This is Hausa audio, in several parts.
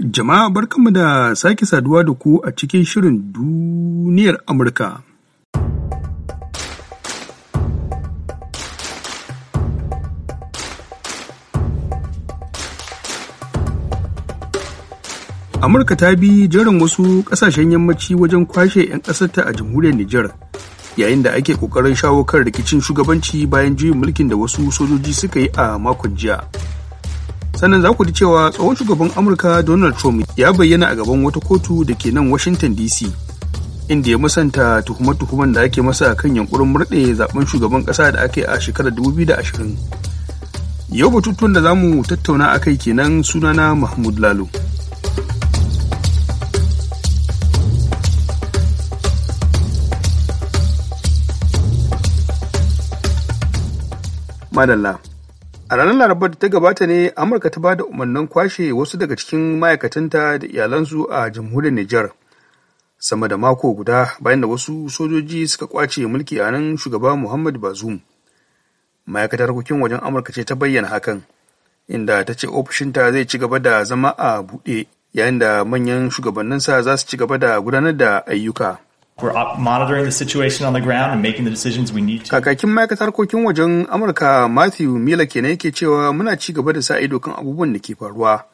Jama'a barkanmu da sake saduwa da ku a cikin shirin duniyar Amurka. Amurka ta bi jerin wasu ƙasashen yammaci wajen kwashe 'yan ƙasarta a jamhuriyar Nijar yayin da ake ƙoƙarin shawo kan rikicin shugabanci bayan juyin mulkin da wasu sojoji suka yi a makon jiya. sannan za ku ji cewa tsohon shugaban amurka donald trump ya bayyana a gaban wata kotu da ke nan washington dc inda ya musanta tuhume tuhuman da ake masa kan yankurin murɗe zaben shugaban ƙasa da aka yi a shekarar 2020 yau batutuwan da za mu tattauna a kai kenan sunana mahmud lalo madalla a ranar larabar da ta gabata ne amurka ta ba da umarnin kwashe wasu daga cikin ma'aikatanta da iyalansu a jamhuriyar nijar sama da mako guda bayan da wasu sojoji suka kwace mulki a nan shugaba muhammad bazum ma'aikatar harkokin wajen amurka ce ta bayyana hakan inda ta ce ofishinta zai ci gaba da zama a buɗe yayin da manyan shugabanninsa za su ci gaba da gudanar da ayyuka We're monitoring the situation on the ground and making the decisions we need to. Kakakin ma'aikatar harkokin wajen Amurka Matthew Miller kenan yake cewa muna ci gaba da sa ido kan abubuwan da ke faruwa.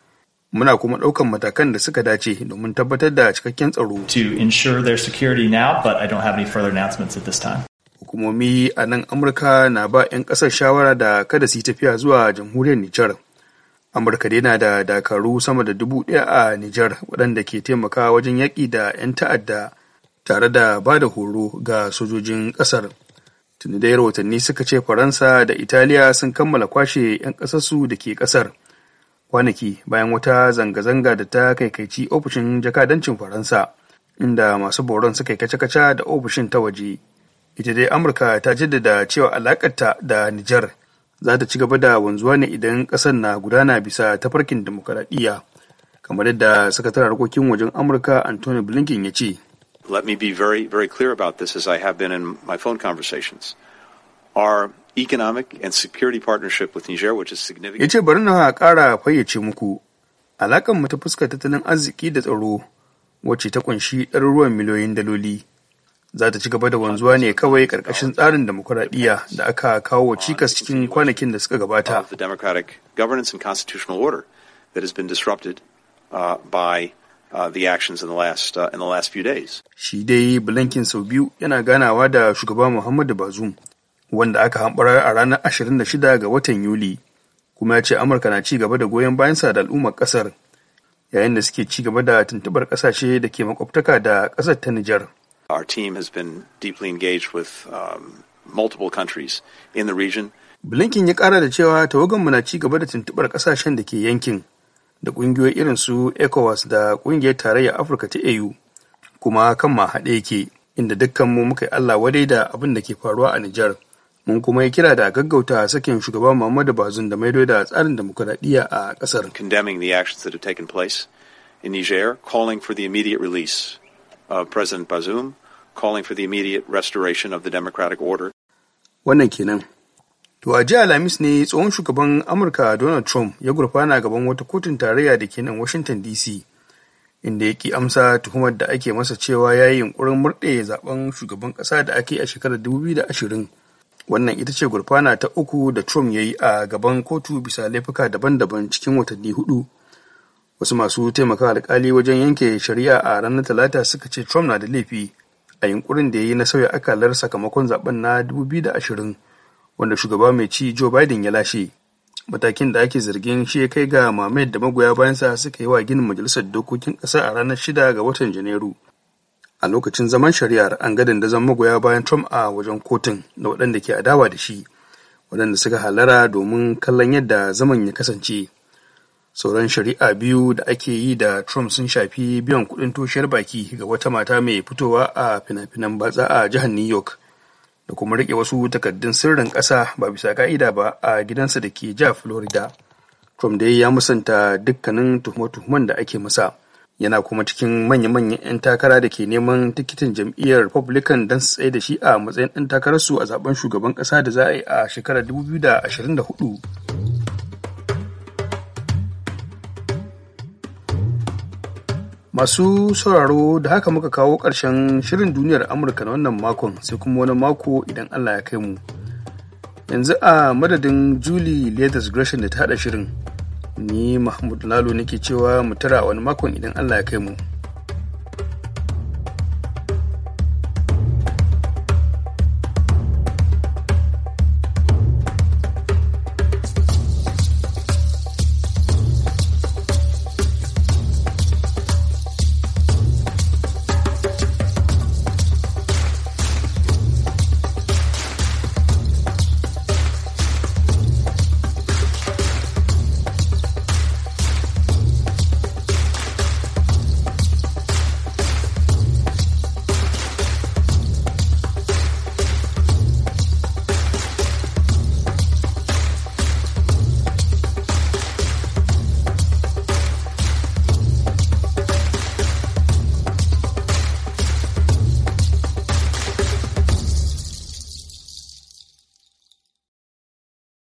Muna kuma ɗaukan matakan da suka dace domin tabbatar da cikakken tsaro. To ensure their security now, but I don't have any further announcements at this time. Hukumomi a nan Amurka na ba 'yan ƙasar shawara da kada su yi tafiya zuwa jamhuriyar Nijar. amurka dai na da dakaru sama da dubu ɗaya a nijar waɗanda ke taimakawa wajen yaƙi da 'yan ta'adda tare da ba da horo ga sojojin ƙasar. Tuni da rahotanni suka ce Faransa da Italiya sun kammala kwashe 'yan ƙasarsu da ke ƙasar. Kwanaki bayan wata zanga-zanga da ta kaikaici ofishin jakadancin Faransa, inda masu boron suka yi kaca-kaca da ofishin ta waje. Ita dai Amurka ta jaddada cewa alakarta da Nijar za ta ci gaba da wanzuwa ne idan ƙasar na gudana bisa tafarkin dimokuraɗiyya, kamar yadda sakataren harkokin wajen Amurka Anthony Blinken ya ce. let me be very, very clear about this as I have been in my phone conversations. Our economic and security partnership with Niger, which is significant. Yace bari na ƙara fayyace muku alakan mu ta fuskar tattalin arziki da tsaro wacce ta kunshi ɗaruruwan miliyoyin daloli za ta ci gaba da wanzuwa ne kawai ƙarƙashin tsarin demokuraɗiyya da aka kawo wa cikas cikin kwanakin da suka gabata. The democratic governance and order that has disrupted uh, by Uh, the actions in the last uh, in the last few days. Shi dai Blinken sau biyu yana ganawa da shugaba Muhammadu Bazoum wanda aka hambara a ranar 26 ga watan Yuli kuma ya ce Amurka na ci gaba da goyon bayan da al'ummar ƙasar yayin da suke ci gaba da tuntubar ƙasashe da ke makwabtaka da ƙasar ta Nijar. Our team has been deeply engaged with um, multiple countries in the region. Blinken ya kara da cewa tawaganmu na ci gaba da tuntubar ƙasashen da ke yankin da ƙungiyoyi irin su ECOWAS da ƙungiyar tarayyar Afirka ta AU kuma kan ma haɗe yake inda mu muka yi Allah wadai da abin da ke faruwa a Nijar. Mun kuma yi kira da gaggauta sakin shugaban Muhammadu Bazum da maido da tsarin demokuraɗiyya a ƙasar. Condemning the actions that have taken place in Niger, calling for the immediate release of President Bazoum, calling for the immediate restoration of the democratic order. Wannan kenan. To a jiya Alhamis ne tsohon shugaban Amurka Donald Trump ya gurfana gaban wata kotun tarayya da ke nan Washington DC inda ya ki amsa tuhumar da ake masa cewa ya yi yunkurin murɗe zaben shugaban ƙasa da ake a shekarar 2020. Wannan ita ce gurfana ta uku da Trump ya yi a gaban kotu bisa laifuka daban-daban cikin watanni hudu. Wasu masu taimaka alkali wajen yanke shari'a a ranar Talata suka ce Trump na da laifi a yunkurin da ya yi na sauya akalar sakamakon zaben na 2020. wanda shugaba mai ci Joe Biden ya lashe. Matakin da ake zargin shi ya kai ga mamayar da magoya bayansa suka yi wa ginin majalisar dokokin ƙasa a ranar shida ga watan Janairu. A lokacin zaman shari'ar an ga dandazon magoya bayan Trump a wajen kotun na waɗanda ke adawa da shi, waɗanda suka halara domin kallon yadda zaman ya kasance. sauran shari'a biyu da ake yi da Trump sun shafi biyan kuɗin toshiyar baki ga wata mata mai fitowa a fina-finan batsa a jihar New York da kuma rike wasu takaddun sirrin ƙasa ba bisa ka'ida ba a gidansa da ke ja florida trump dai ya musanta dukkanin tuhume-tuhumen da ake masa yana kuma cikin manya-manyan 'yan takara da ke neman tikitin jam'iyyar republican don tsaye da shi a matsayin 'yan takararsu a zaben shugaban ƙasa da za a yi a shekarar 2024 Masu sauraro da haka muka kawo ƙarshen shirin duniyar Amurka na wannan makon sai kuma wani mako idan Allah ya kai mu. Yanzu a madadin juli Leathers Gresham da ta haɗa shirin, ni Mahmud Lalo nake cewa mu tara wani makon idan Allah ya kai mu.